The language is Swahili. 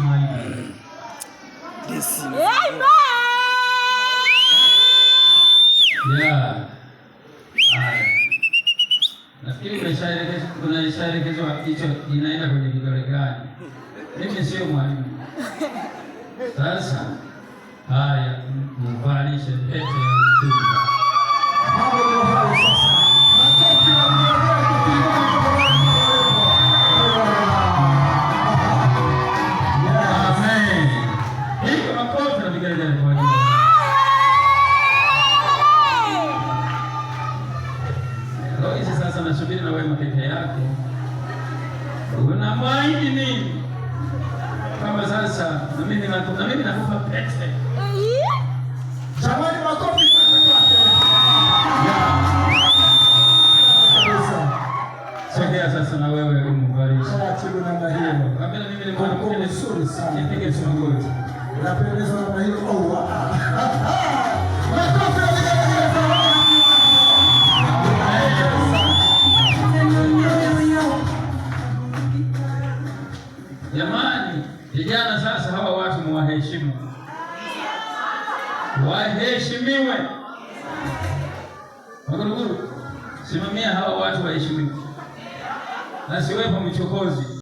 tumaini. Nafikiri unaishaelekezwa hicho inaenda kwenye vidole gani? Mimi sio mwalimu. Sasa haya, mvalishe pete anasubiri na wewe mateke yake, Una maiti nini? Kama sasa na mimi na mimi nakupa pete. Jamani, makofi sogea sasa, na wewe umvalishe taratibu namna hiyo. Mimi nilikuwa mzuri sana, nipige songoti, napendezwa na hiyo. Jamani, vijana sasa hawa watu mwaheshimu, waheshimiwe. Maguruguru, simamia hawa watu waheshimiwe, nasiwepo michokozi.